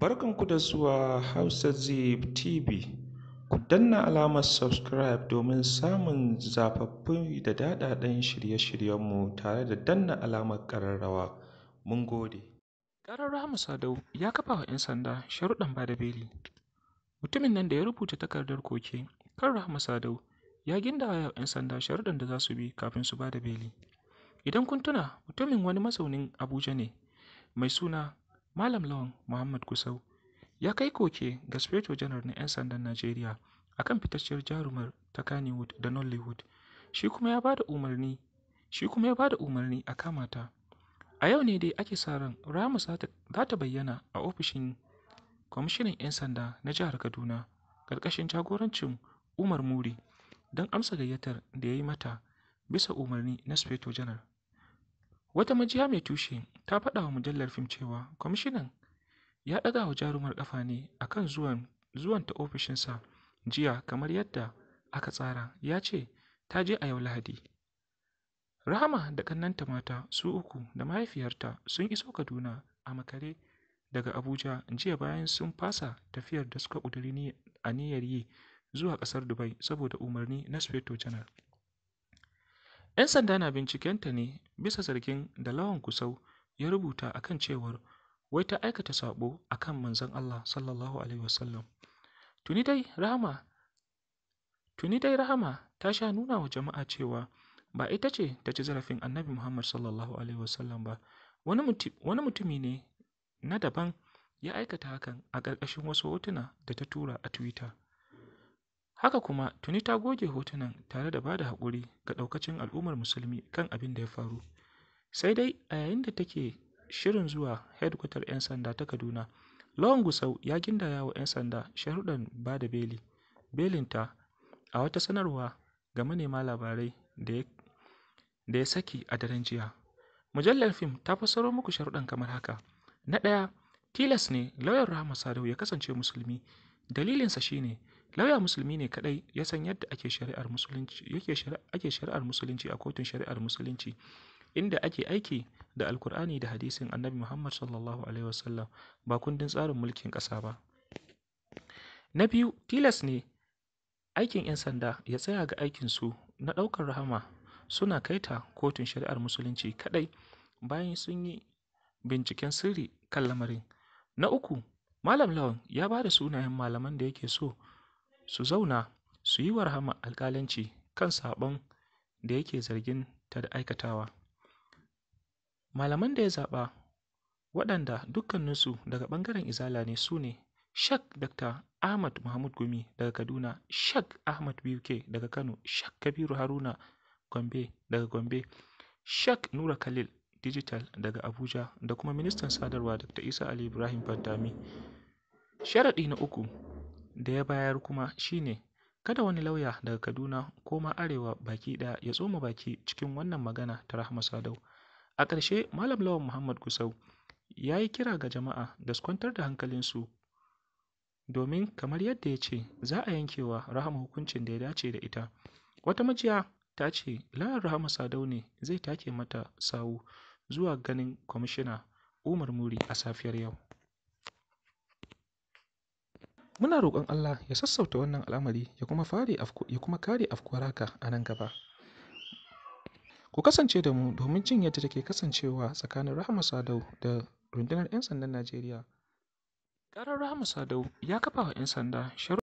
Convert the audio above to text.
Barkanku da zuwa Hausa Zip TV. Ku danna alamar subscribe domin samun zafaffun da daɗaɗɗen shirye-shiryenmu tare da danna alamar ƙararrawa. Mun gode. Ƙarar Sadau ya kafa wa 'yan sanda sharuɗan ba da beli. Mutumin nan da ya rubuta takardar koke kan Rahama Sadau ya wa 'yan sanda sharuɗan da za su bi kafin su ba da beli. Idan kun tuna, mutumin wani masaunin Abuja ne mai suna Malam Lawan Muhammad Gusau ya kai koke ga Sufeto Janar na 'Yan Sandan Najeriya a kan fitacciyar jarumar ta Kannywood da Nollywood, shi kuma ya ba da umarni a kama ta. A yau ne dai ake sa ran Ramos za ta bayyana a ofishin Kwamishinan 'Yan Sanda na Jihar Kaduna ƙarƙashin jagorancin Umar Muri don amsa gayyatar da ya yi mata bisa umarni na Sufeto Janar. Wata majiya mai tushe ta faɗa wa mujallar fim cewa kwamishinan ya ɗaga wa jarumar ƙafa ne a kan zuwanta ofishinsa jiya kamar yadda aka tsara ya ce ta je a yau Lahadi. Rahama da ƙannanta mata su uku da mahaifiyarta sun iso Kaduna a makare daga Abuja jiya bayan sun fasa tafiyar da suka a niyyar yi zuwa ƙasar Dubai saboda umarni na Sufeto janar. ‘Yan sanda na bincikenta ne bisa zargin da Lawan Kusau ya rubuta a kan cewar wai ta aikata saɓo a kan Manzon Allah (SAW). Tuni dai Rahama ta sha nuna wa jama'a cewa ba ita ce ta ci zarafin Annabi Muhammad (SAW) ba, wani mutumi ne na daban ya aikata hakan a ƙarƙashin wasu hotuna da ta tura a Twitter. Haka kuma tuni ta goge hotunan tare da ba da haƙuri ga ɗaukacin al'ummar Musulmi kan abin da ya faru. Sai dai a yayin da take shirin zuwa headquarter 'yan sanda ta Kaduna, Lawan Gusau ya gindaya wa 'yan sanda sharuɗan ba da beli belinta a wata sanarwa ga manema labarai da ya saki a daren jiya. Mujallar fim ta fassaro muku sharuɗan kamar haka: Na ɗaya, Tilas ne lauyan Rahama Sadau ya kasance musulmi, dalilinsa shine lauya musulmi ne kadai ya san yadda ake shari'ar Musulunci a kotun shari'ar Musulunci, inda ake aiki da Alkur'ani da hadisin Annabi Muhammad wasallam ba kundin tsarin mulkin kasa ba. Na biyu, tilas ne aikin ‘yan sanda ya tsaya ga aikinsu na daukar Rahama suna kai ta kotun shari'ar Musulunci kadai bayan sun yi binciken sirri kan lamarin. Na uku, Malam Lawan ya ba da sunayen malaman da yake so su zauna su yi wa Rahama alƙalanci kan saɓon da yake zargin ta da aikatawa. Malaman da ya zaɓa waɗanda dukkaninsu daga ɓangaren Izala ne su ne Shak Dr. Ahmad Mahmud Gumi daga Kaduna, shak Ahmad BUK daga Kano, Shak Kabiru Haruna Gombe daga Gombe, shak Nura Khalil Dijital daga Abuja da kuma Ministan Sadarwa Dr. Isa Ali Ibrahim Fantami. Sharaɗi na uku da ya bayar kuma shi ne kada wani lauya daga Kaduna ko ma Arewa baki ɗaya ya tsoma baki cikin wannan magana ta Rahama Sadau. A ƙarshe, Malam Lawan Muhammad Kusau ya yi kira ga jama'a da su kwantar da hankalinsu domin kamar yadda ya ce za a yankewa Rahama hukuncin da ya dace da ita. Wata majiya ta ce lawan Rahama Sadau ne zai take mata sawu. zuwa ganin Kwamishina Umar Muri a safiyar yau. Muna roƙon Allah ya sassauta wannan al'amari ya kuma kare afkuwar haka a nan gaba. Ku kasance da mu domin jin yadda take kasancewa tsakanin Rahama Sadau da Rundunar ‘Yan Sandan Najeriya. Ƙarar Rahama Sadau ya kafa wa ‘yan sanda